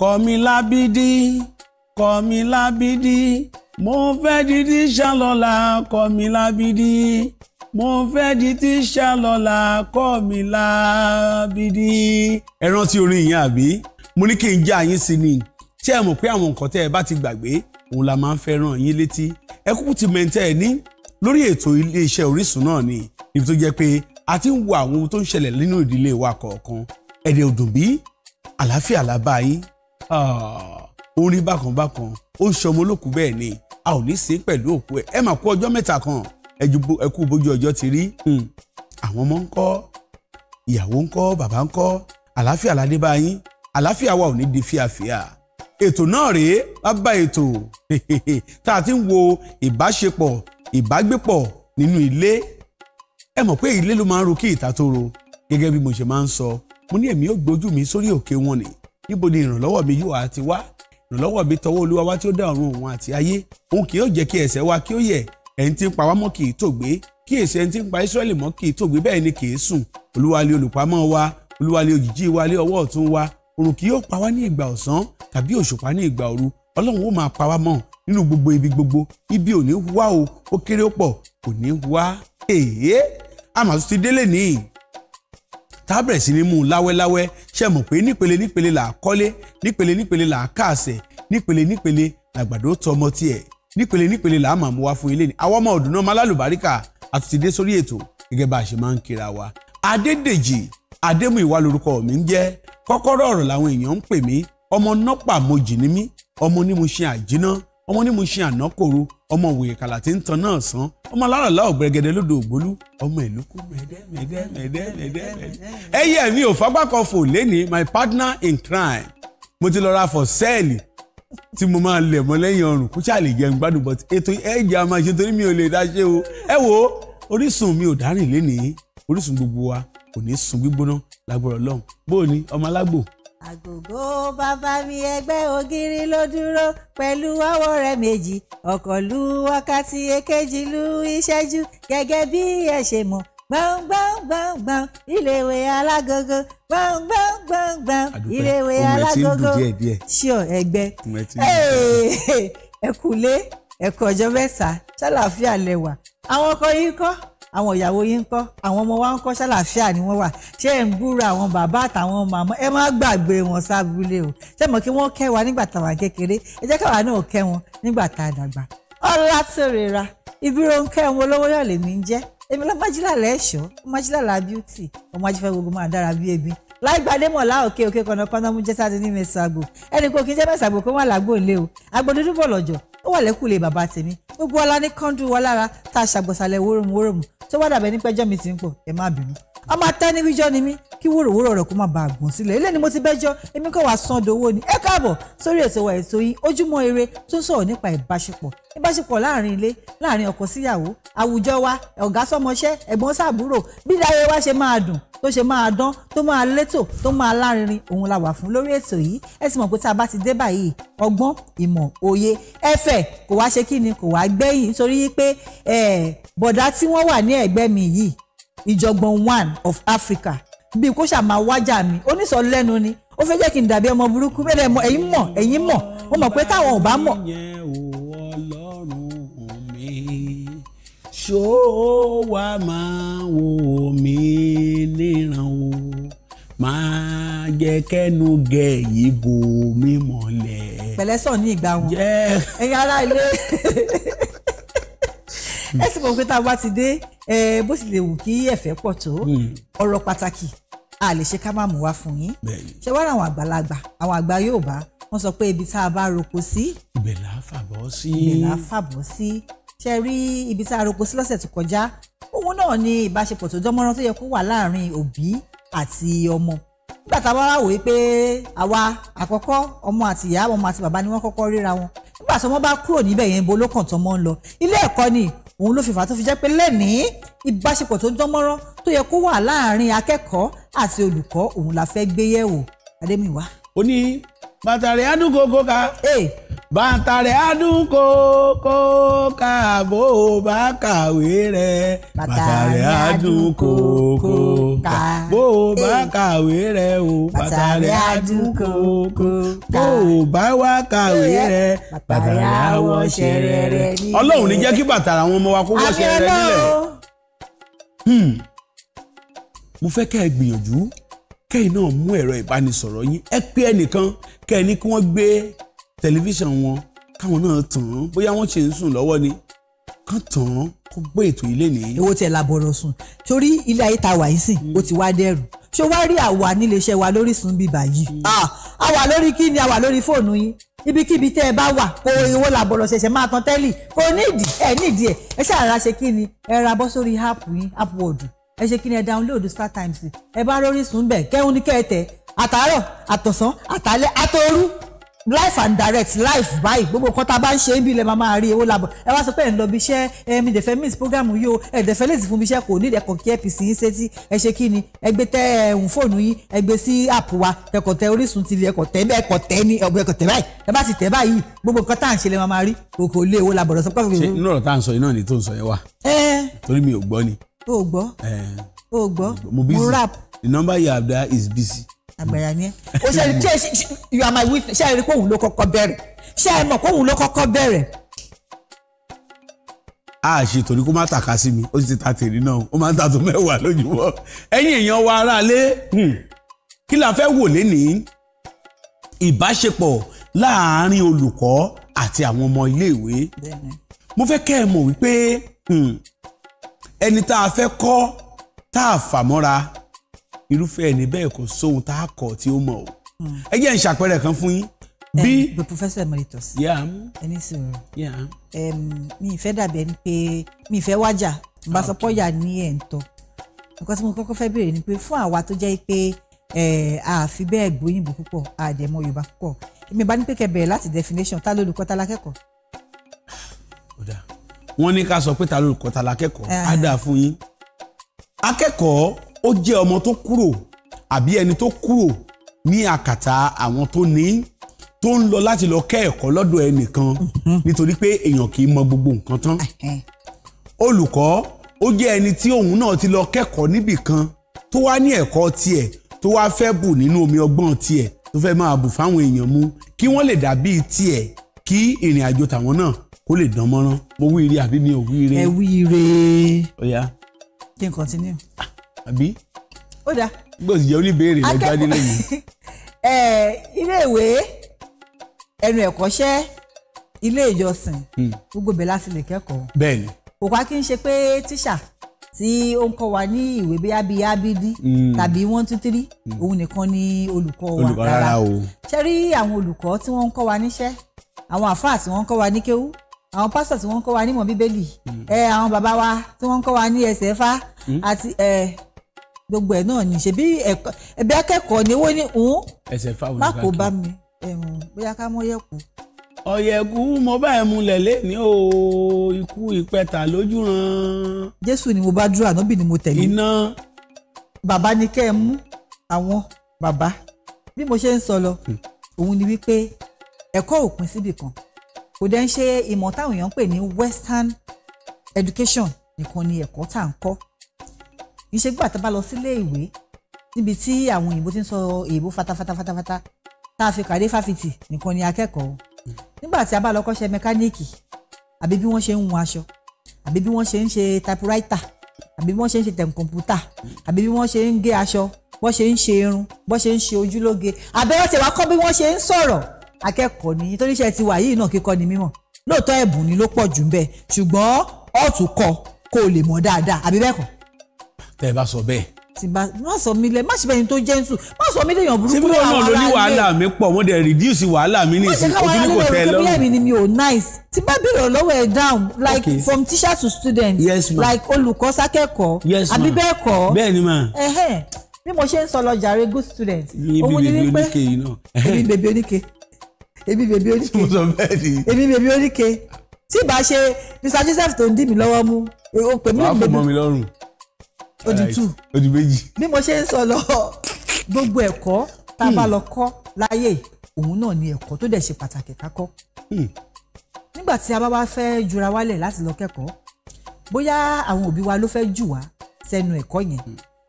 Kọ̀mílábídí Kọ̀mílábídí mo fẹ́ di tíṣà lọ́la Kọ̀mílábídí mo fẹ́ di tíṣà lọ́la Kọ̀mílábídí. ẹ rántí orin yìí àbí mo ní kí n já yín sí ni ṣé ẹ mọ̀ pé àwọn nǹkan tẹ́ ẹ bá ti gbàgbé òun la máa ń fẹ́ yín létí ẹ kúkú ti mẹ́ńtẹ́ ẹ ní lórí ètò iléeṣẹ́ Orísun náà ni ibi tó jẹ́ pé a ti ń wo àwọn ohun tó ń ṣẹlẹ̀ nínú ìdílé wa kọ̀ọ̀kan ẹ̀dẹ̀ òdùnbí àlàáfíà làbá yín Ah, orin bákan bákan ó ń ṣọmọ olókùú bẹ́ẹ̀ ni a ò ní sí pẹ̀lú òkú ẹ̀ ẹ mà kú ọjọ́ mẹ́ta kan ẹ kú bójú ọjọ́ ti rí hmm. àwọn ọmọ ń kọ́ ìyàwó ń kọ́ bàbá ń kọ́ àlàáfíà ládé bá yín àlàáfíà wa ò ní di fíàfíà ètò náà rèé wá bá ètò tá a ti ń wo ìbáṣepọ̀ ìbágbépọ̀ nínú ilé ẹ mọ̀ pé ilé ló máa ń ro kí ìta tó ro gẹ́gẹ́ bí mo ṣe máa ń sọ mo ní èmi ò gbójú mi sórí òkè wọn ni níbo ni ìrànlọ́wọ́ mi yóò wá ti wá ìrànlọ́wọ́ mi tọwọ́ olúwa wá tí ó dá ọ̀run òun àti ayé òun kì yóò jẹ́ kí ẹsẹ̀ wa kí ó yẹ̀ ẹni tí ń pa wá mọ́ kì í tògbé kí èsì ẹni tí ń pa Ísírẹ́lì mọ́ kì í tògbé bẹ́ẹ̀ ni kì í sùn olúwa lé olùpamọ́ wa olúwa lé òjìji wa lé ọwọ́ ọ̀tún wa òrùn kì yóò pa wá ní ìgbà ọ̀sán tàbí òṣùpá ní ìgbà òru ọlọ́run ó máa pa wá mọ́ nínú gbogbo ibi gbogbo ibi ò ní wá o ó kéré ó pọ̀ kò ní wá èèyé àmàtúntì délé nìyí tá a bẹ̀rẹ̀ sí ní mú un láwẹ́láwẹ́ ṣe mọ̀ pé nípele nípele là á kọ́lé nípele nípele là á káàsẹ̀ nípele nípele làgbàdo tọmọ tiẹ̀ nípele nípele là á màmú wa fún ilé ni àwọn ọmọ ọ̀dùnná malálùbáríkà àtúntì dé sórí ètò gẹ́gẹ́ bá a ṣe máa ń kíra wa. Adédèjì Adémúyìwá lorúkọ mi ń jẹ́ kọ́kọ́rọ́ ọ̀rọ̀ làwọn èèyàn ń pè mí ọmọ nọ́pà mojì mí ọmọ onímọ̀ṣẹ́ àjínà ọmọ ní mo ṣe àná kòru ọmọ òwòye kàlà tí ń tan náà sán ọmọ aláràlá ọ̀gbẹ̀gẹ̀dẹ̀ lódò ògbólú ọmọ ìlú kú mẹ́ẹ̀dẹ́mẹ́ẹ̀dẹ́mẹ́ẹ̀dẹ́. ẹyẹ mi ò fagbákọ̀fọ̀ lẹ́ni my partner in crime mo ti lọ ra fọ̀ sẹ́ẹ̀lì tí mo máa lẹ̀ mọ́ lẹ́yìn ọrùn kó ṣáà lè jẹun gbádùn but ètò ẹ̀jẹ̀ a ṣe torí mi ò lè dáṣe o ẹ wo orísun mi ò dárìn lẹ́ni orísun gbogbo wa kò ní sun gbígbóná lágbára Ọlọ́run bóò ni ọmọ alágbò àgògó bàbá mi ẹgbẹ́ ògiri ló dúró pẹ̀lú ọwọ́ rẹ̀ méjì ọkọ̀ lu wákàtí èkejì lu ìṣẹ́jú gẹ́gẹ́ bí ẹ ṣe mọ̀ gbọ̀ngbọ̀ngbọ̀ngbọ̀n iléèwé alágogo gbọ̀ngbọ̀ngbọ̀ngbọ̀n iléèwé alágogo ṣíọ ẹgbẹ́ ẹ kúlé ẹ kú ọjọ́ mẹ́ta ṣàlàáfíà lẹ wà àwọn ọkọ yìí kọ́ àwọn ìyàwó yín ń kọ́ àwọn ọmọ wa ń kọ́ ṣàlàáfíà ni wọ́n wà ṣé ẹ̀ ń búra àwọn bàbá àtàwọn màmá ẹ má gbàgbé wọn sábúlé o ṣé mọ̀ kí wọ́n kẹ́ wa nígbà táwa kékeré ẹ jẹ́ káwa náà kẹ́ wọn nígbà tá a dàgbà. ọlá tòrera ìbírò ń kẹ́ ọmọ olówó yọ̀ lèmi ń jẹ́ èmi lọ́mọ́jìlá lẹ́ṣọ́ ọmọjìlá beauty ọmọjìfẹ́ gbogbo máa dára bí ebi láìgbàdé mọ̀ láò ké òkè kọ̀nàkọ́nà mú jẹ́ sáà ti ní mẹ́sàgbò ẹnì kò kí ń jẹ́ mẹ́sàgbò kó má làgbò lé o àgbò bọ̀ lọ́jọ́ ó wà lẹ́kùlé bàbá tèmi gbogbo ọlá ní kọ́ńdù wa lára tá a ṣàgbọ̀sálẹ̀ wóròmùwóròmù tó wá dàbẹ̀ nípẹ́jọ́ mi ti ń pọ̀ ẹ má bínú a máa tẹ́ níbi jọ́ ni mí kí wòròwòrò rẹ̀ kó má bàa gbọ̀n sílẹ̀ ilé ni mo ti bẹ́jọ́ èmi kò wá san dowó ni ẹ káàbọ̀ sórí ètò wa ètò yín ojúmọ́ ire tó sọ̀rọ̀ nípa ìbáṣepọ̀ ìbáṣepọ̀ láàrin ilé láàrin ọkọ síyàwó àwùjọ wa ọ̀gá sọmọṣẹ́ ẹ̀gbọ́n sàbúrò bí dáyé wa ṣe máa dùn tó ṣe máa dán tó máa létò tó máa lárinrin òun la wà fún lórí ètò yìí ẹ sì mọ̀ pé tá a bá ti dé báyìí ọgbọ́n ìmọ̀ òye ẹ̀fẹ̀ kò wá ṣe kí ni kò wá gbẹ̀yìn nítorí pé bọ̀dá tí wọ́n wà ní ẹ̀gbẹ́ mi yìí ìjọ̀gbọ̀n one of Africa bí kò ṣàmà wájà mi onísọ lẹ́nu ni ó fẹ́ jẹ́ kí n dàbí ọmọ burúkú bẹ́ẹ̀ mọ ẹ̀yin mọ̀ ẹ̀yin mọ̀ mo mọ̀ pé táwọn ò bá mọ̀. ṣó wàá máa wò mí níran o máa jẹ́ kẹ́nu gẹ yìí bò mí mọ́lẹ̀. pẹ̀lẹ́sọ̀ ní ìgbà wọn ẹ̀yin ará ilé ẹ sì mọ̀ pé tá a bá ti dé bó sì lè wù kí ẹ̀fẹ̀ pọ̀ tó hmm. ọ̀rọ̀ pàtàkì a lè ṣe ká má mú wá fún yín ṣe wá àwọn àgbàlagbà àwọn àgbà Yorùbá wọ́n sọ pé ibi tá a bá roko sí ibẹ̀ là á fàbọ̀ sí ibẹ̀ là á fàbọ̀ sí ṣe rí ibi tá a roko sí lọ́sẹ̀ tó kọjá òun náà ni ìbáṣepọ̀ tó dánmọ́rán tó yẹ kó wà láàárín òbí àti ọmọ nígbà tá a wá wòye pé àwa àkọ́kọ́ ọmọ àti ìyá ọmọ àti bàbá ni wọ́n kọ́kọ́ ríra wọn nígbà tí ọmọ bá kúrò níbẹ̀ yẹn bo ló kàn tọmọ ń lọ ilé ẹ̀kọ́ ni òun ló fi fà á tó fi jẹ́ pé lẹ́nìí ìbáṣepọ̀ tó dánmọ́rán tó yẹ kó wà láàárín akẹ́kọ̀ọ́ àti olùkọ́ òun la fẹ́ gbé yẹ̀wò adémiwá. ó ní bàtàrí àdúgbò kó ká. ee bàtà rẹ̀ á dún kókó kàbó bá kàwé rẹ̀ bàtà rẹ̀ á dún kókó kàbó bá kàwé rẹ̀ o bàtà rẹ̀ á dún kókó kó bá wá kàwé rẹ̀ bàtà rẹ̀ á wọṣẹ́ rẹ̀. ọlọ́run ní jẹ́ kí bàtà àwọn ọmọ wa kó wọṣẹ́ rẹ̀ nílẹ̀. mo fẹ́ kẹ́ ẹ gbìyànjú kẹ́yìn náà mú ẹ̀rọ ìbánisọ̀rọ̀ yín ẹ pé ẹnìkan kẹ́ ẹ ní kí wọ́n gbé tẹlifíṣàn wọn káwọn náà tàn án bóyá wọ́n ṣe ń sùn lọ́wọ́ ni kán tàn án kó gbé ètò ilé nìyí. èwo tiẹ̀ làbọ̀rọ̀ sùn torí ilé ayé ta wà yìí sìn ó ti wá dẹ́rù ṣé wá rí àwa níléeṣẹ́ wa lórí sùn bíbà yìí hmm. ah, a wà lórí kí ni a wà lórí fóònù yín ibikíbi tẹ́ ẹ bá wà kó owó làbọ̀rọ̀ ṣẹ̀ṣẹ̀ máa tan tẹ́lì kò nídìí ẹ̀ nídìí ẹ̀ ẹ ṣàrà ṣe kí ni ẹ ra bọ́ sórí áàpù yín áàpù ọ̀dùn ẹ ṣe kí ni ẹ download Star Times ẹ bá lórí sùn bẹ̀ kẹ́hún ní kẹ́ẹ̀tẹ̀ àtàárọ̀ àtọ̀sán àtàlẹ́ àtòru life and direct life báyìí gbogbo nǹkan tá a bá ń ṣe é bí ilẹ̀ máa máa rí owó labọ̀ ẹ wá sọ pé ẹ̀ ń lọ bí iṣẹ́ ẹ̀mí dẹ̀fẹ́ miss program yìí o ẹ̀ dẹ̀fẹ́ lè ti fún mi iṣẹ́ kò nídìí ẹ̀kọ́ kí apc yín ṣe tí ẹ ṣe kí ni ẹ gbé tẹ ẹ̀hún fóònù yín ẹ gbé sí app wa ẹ̀kọ́ tẹ Orísun TV ẹ̀kọ́ tẹ bẹ́ẹ̀ ẹ̀kọ́ tẹ ní ọ̀gbẹ́ ẹ̀kọ́ tẹ báyìí ẹ bá ti tẹ báyìí gbogbo nǹkan tá à ń ṣe lè máa máa rí kòkò lé owó labọ̀ lọ́sọ pàtàkì. ṣe inú ọ̀rọ̀ tá à ń sọ iná ni tó ń sọ yẹn wà. torí mi ò gbọ́ ni. o gbọ́ o gbọ́ mo rap. the number you have there is busy àgbàrá ni ẹ o ṣe ṣe you are my witness ṣe é rí pé òun ló kọ́kọ́ bẹ̀rẹ̀ ṣe é mọ̀ pé òun ló kọ́kọ́ bẹ̀rẹ̀. a ṣe torí kó má tàka sí mi ó sì ti ta tèmi náà ó máa ń ta tó mẹ́wàá lójúmọ́ ẹ̀yin èèyàn wa ara lé hmm, kí la fẹ́ wò lénìí ìbáṣepọ̀ láàárín olùkọ́ àti àwọn ọmọ iléèwé mo fẹ́ kẹ́ ẹ mọ̀ wípé hmm, ẹni tá a fẹ́ kọ́ tá a fà mọ́ra irúfẹ́ ẹni bẹ́ẹ̀ kò sóhun tá a kọ̀ tí ó mọ̀ o ẹ jẹ́ n ṣàpẹẹrẹ kan fún yín bí the professor emeritus. ẹni sọ̀rọ̀ mi ìfẹ́ dàbí ẹni pé mi ìfẹ́ wájà ìbásọpọ̀yà ní ẹ̀ ń tọ́ nǹkan tí mo kọ́kọ́ fẹ́ bèèrè ni pé fún àwa tó jẹ́ pé àfi bẹ́ẹ̀ gbóyìnbó púpọ̀ àdẹ̀mọ yorùbá púpọ̀ èmi bá ní pé kẹ́ láti definition ta lolùkọ́ ta lákẹ́kọ̀ọ́. wọ́n ní ká sọ pé ta lolùkọ́ ta lákẹ́kọ̀ọ́ á ah. dáa fún yín akẹ́kọ̀ọ́ ó jẹ́ ọmọ tó kúrò àbí ẹni tó kúrò ní àkàtà àwọn tó ní tó ń lọ láti lọ kẹ́ ẹ̀kọ́ lọ́dọ̀ ẹnìkan mhm. nítorí pé èèyàn kì í mọ gbogbo nǹkan tán olùkọ́ ó jẹ́ ẹni tí òun náà ti lọ kẹ́kọ̀ọ́ níbì kan tó wá ní ẹ̀kọ́ tiẹ̀ tó wá fẹ́ bù nínú omi ọgbọ́n tiẹ̀ tó fẹ́ máa bù fáwọn èèyàn mu kí wọ́n lè dà tiẹ̀ kí ìrìn àjò tàwọn náà kó lè dán mọ́rán mo wí ire àbí mi ò wí ire. ẹ wí ire. ó yá. kí n continue. Ah àbí. ó dáa. gbọ́dọ̀ ti jẹ́ oníbèrè lọ́jọ́ adé lẹ́yìn. ilé ìwé ẹnu ẹ̀kọ́ṣẹ́ ilé ìjọsìn hmm. gbogbo bẹ̀ láti lè kẹ́kọ̀ọ́. bẹ́ẹ̀ni. kò wá kí n ṣe pé tíṣà tí ó ń kọ́ wa ní ìwé bí abí abídí hmm. tàbí one two three hmm. òun nìkan ni olùkọ́ wa rárá o. ṣe rí àwọn olùkọ́ tí wọ́n ń kọ́ wa níṣẹ́ àwọn àfáà tí wọ́n ń kọ́ wa ní kéwú àwọn pásítọ̀ tí wọ́n ń kọ́ wa nímọ̀ bíbélì ẹ àwọn bàbá wa tí wọ́n ń kọ́ wa ní ẹsẹ̀ fá àti ẹ gbogbo ẹ̀ náà ní ṣebí ẹ̀bí akẹ́kọ̀ọ́ ni owó ní òun má kó bá mi bóyá ká mọ́ yẹ̀kú. ọ̀yẹ̀kú mo bá ẹ̀ múlẹ̀ lẹ́ni o ikú ìpẹta lójú ràn. jésù ni mo bá dúró ànábì ni mo tẹ̀lé. iná. bàbá ni kẹ́ ẹ mú àwọn bàbá bí mo ṣe ń sọ lọ hmm. òun ni wípé ẹ̀kọ́ òpin síbì kan kò dẹ́ ṣe ìmọ̀ táwọn èèyàn ń pè ní western education nìkan ni ẹ̀kọ́ tá à ń kọ́ kì í ṣe gbà tá a bá lọ sílé ìwé níbi tí àwọn òyìnbó ti ń sọ èèbó fatafata fatafata tá a fi kàdé fáfitì nìkan ni akẹ́kọ̀ọ́ nígbà tí a bá lọ kọ́ṣẹ́ mẹkáníìkì àbí bí wọ́n ṣe ń hun aṣọ àbí bí wọ́n ṣe ń ṣe typewriter àbí bí wọ́n ṣe ń ṣe tẹ̀kọ̀mpútà àbí bí wọ́n ṣe ń gé aṣọ bọ́ ṣe ń ṣe irun bọ́ ṣe ń ṣe ojúlóge àbẹ̀wò tiwa kọ́ bí wọ́n ṣe ń sọ̀rọ̀ akẹ́kọ̀ọ́ ni nítorí iṣẹ́ tiwa yìí náà kíkọ́ ni mímọ̀ lóòótọ́ ẹ̀bùn ni ló pọ̀ jù ń bẹ ṣùgbọ́n ọ̀tún kọ kó o lè mọ̀ dáadáa àbí bẹ́ẹ̀ kọ́ tẹ́ ẹ bá sọ bẹ́ẹ̀. tí bá má sọ mi lẹ má ṣe bẹ́ẹ̀ ni tó jẹ́ nsù má sọ mi lè yàn burúkú àwọn aráàlú. síbí wọn náà ló ní wàhálà mi pọ̀ mo dẹ̀ reduce wàhálà mi ní ìsìn ojú ní kò tẹ́ lọ́rùn. bílẹ̀ mi ni mi ò nice tí bá béèrè lọ́wọ́ ẹ̀ down like okay. from teacher to student yes, like olùkọ́ sákẹ́kọ̀ọ́ yes, àbí bẹ́ẹ̀ kọ́ bẹ́ẹ̀ ni mà bí mo ṣe ń sọ lọ jàre good student òun ni wípé èmi bèbí oníke èmi bèbí oníke èmi bèbí oníke tí ìbá ṣe Mr Joseph tó ń dì mí lọ́wọ́ mú o pè mí bèbí ó di two ó di méjì. bí mo ṣe ń sọ lọ gbogbo ẹ̀kọ́ tá a bá lọ kọ́ láyé òun náà ni ẹ̀kọ́ tó dẹ̀ ṣe pàtàkì ká kọ́. Hmm. nígbà tí a bá wá fẹ́ jura wálẹ̀ láti lọ kẹ́kọ̀ọ́ bóyá àwọn òbí wa ló fẹ́ jù wá sẹ́nu ẹ̀kọ́ yẹn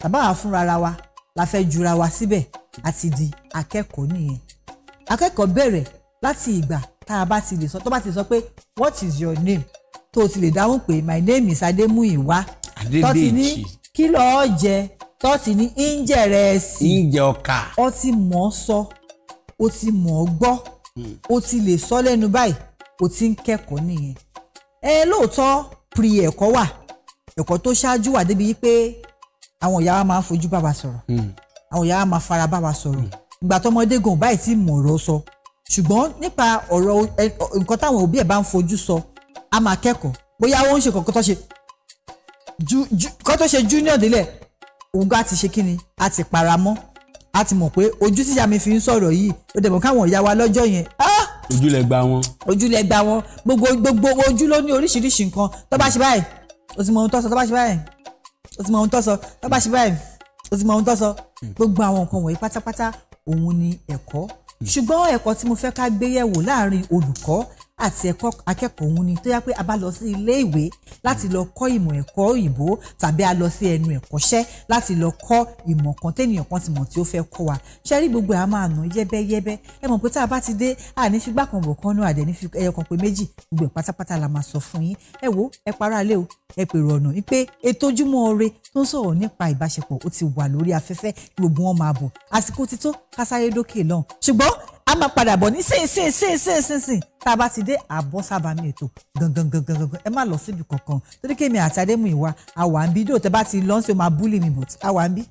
tàbá hmm. wa fúnra wa la fẹ́ jura wa síbẹ̀ àti di akẹ́kọ̀ọ́ nìyẹn akẹ́kọ̀ọ́ bẹ̀rẹ̀ láti ìgbà tá a bá ti lè sọ tó bá ti sọ pé what is your name tó o ti lè dáhùn pé my name is Adémúyìwá tó ti ní kí lọ́ọ́ jẹ tọ́ọ̀tì ní ìjẹ̀rẹ̀sì. ìjẹ ọkà. ó ti mọ̀ ọ́ sọ ó ti mọ̀ ọ́ gbọ́ hmm. ó ti lè sọ lẹ́nu báyìí ó ti ń kẹ́kọ̀ọ́ nìyẹn. ẹ lóòótọ́ pri ẹ̀kọ́ wà ẹ̀kọ́ tó ṣáájú wà débi pé àwọn ìyá wa máa ń fojú bá wa sọ̀rọ̀ hmm. àwọn ìyá wa máa fara bá wa sọ̀rọ̀ hmm. ìgbà tọmọdé gan báyìí ti mọ̀ ọ̀rọ̀ sọ ṣùgbọ́n nípa ọ̀rọ̀ nǹkan táwọn òbí ẹ̀ bá ń fojú sọ a máa kẹ́kọ̀ọ́ bóyá ó ń ṣe kọ̀ọ̀kan tó ṣe ju ju kó tó ṣe junior délẹ̀ òun gá ti ṣe kíni a ti para mọ́ a ti mọ̀ pé ojú tíyá mi fi ń sọ̀rọ̀ yìí ó dẹ̀ mọ̀ káwọn ìyá wa lọ́jọ́ yẹn ah! ojú lẹ gba wọn. ojú lẹ gba wọn gbogbo gbogbo ojú ló ní oríṣiríṣi nǹkan tó bá ṣe báyìí o ti mọ ohun tó sọ tó bá ṣe báyìí o ti mọ ohun tó sọ tó bá ṣe báyìí o ti mọ ohun tó sọ gbogbo àwọn nǹkan wọ̀nyí pátápátá òun ni ẹ̀kọ́ hmm. ṣùgbọ́n ẹ̀kọ́ tí mo fẹ́ ká gbé yẹ̀wò láàrin olùkọ́ àti ẹ̀kọ́ akẹ́kọ̀ọ́ òun ni tó yá pé a bá lọ sí ilé ìwé láti lọ kọ́ ìmọ̀ ẹ̀kọ́ òyìnbó tàbí a lọ sí ẹnu ẹ̀kọ́ṣẹ́ láti lọ kọ́ ìmọ̀ kan téèyàn kan ti mọ̀ tí ó fẹ́ kọ́ wa ṣe rí gbogbo ẹ̀ a máa nà yẹ́bẹ́yẹ́bẹ́ ẹ mọ̀ pé tá a bá ti dé a ní fi gbàkan bọ̀ kan náà àdẹ̀ ní fi ẹyọ kan pé méjì gbogbo ẹ̀ pátápátá la máa sọ fún yín ẹ wo ẹ para lé o ẹ pèrò ọ̀nà wípé ètò ojúmọ́ ire tó ń sọ̀rọ̀ nípa ìbáṣepọ̀ ó ti wà lórí afẹ́fẹ́ gbogbo wọn máa bọ̀ àsìkò ti tó kásáré dókè lọ́hùn ṣùgbọ́n a máa padà bọ̀ ní sínsìnsìnsìnsìn tá a bá ti dé àbọ̀ sábà mi ètò gangan gangan gangan ẹ má lọ síbi kankan torí kémi àti adémùíwá àwa ń bí dóò tẹ bá ti lọ́ọ́ sí o máa búlì mi bò àwa ń bí.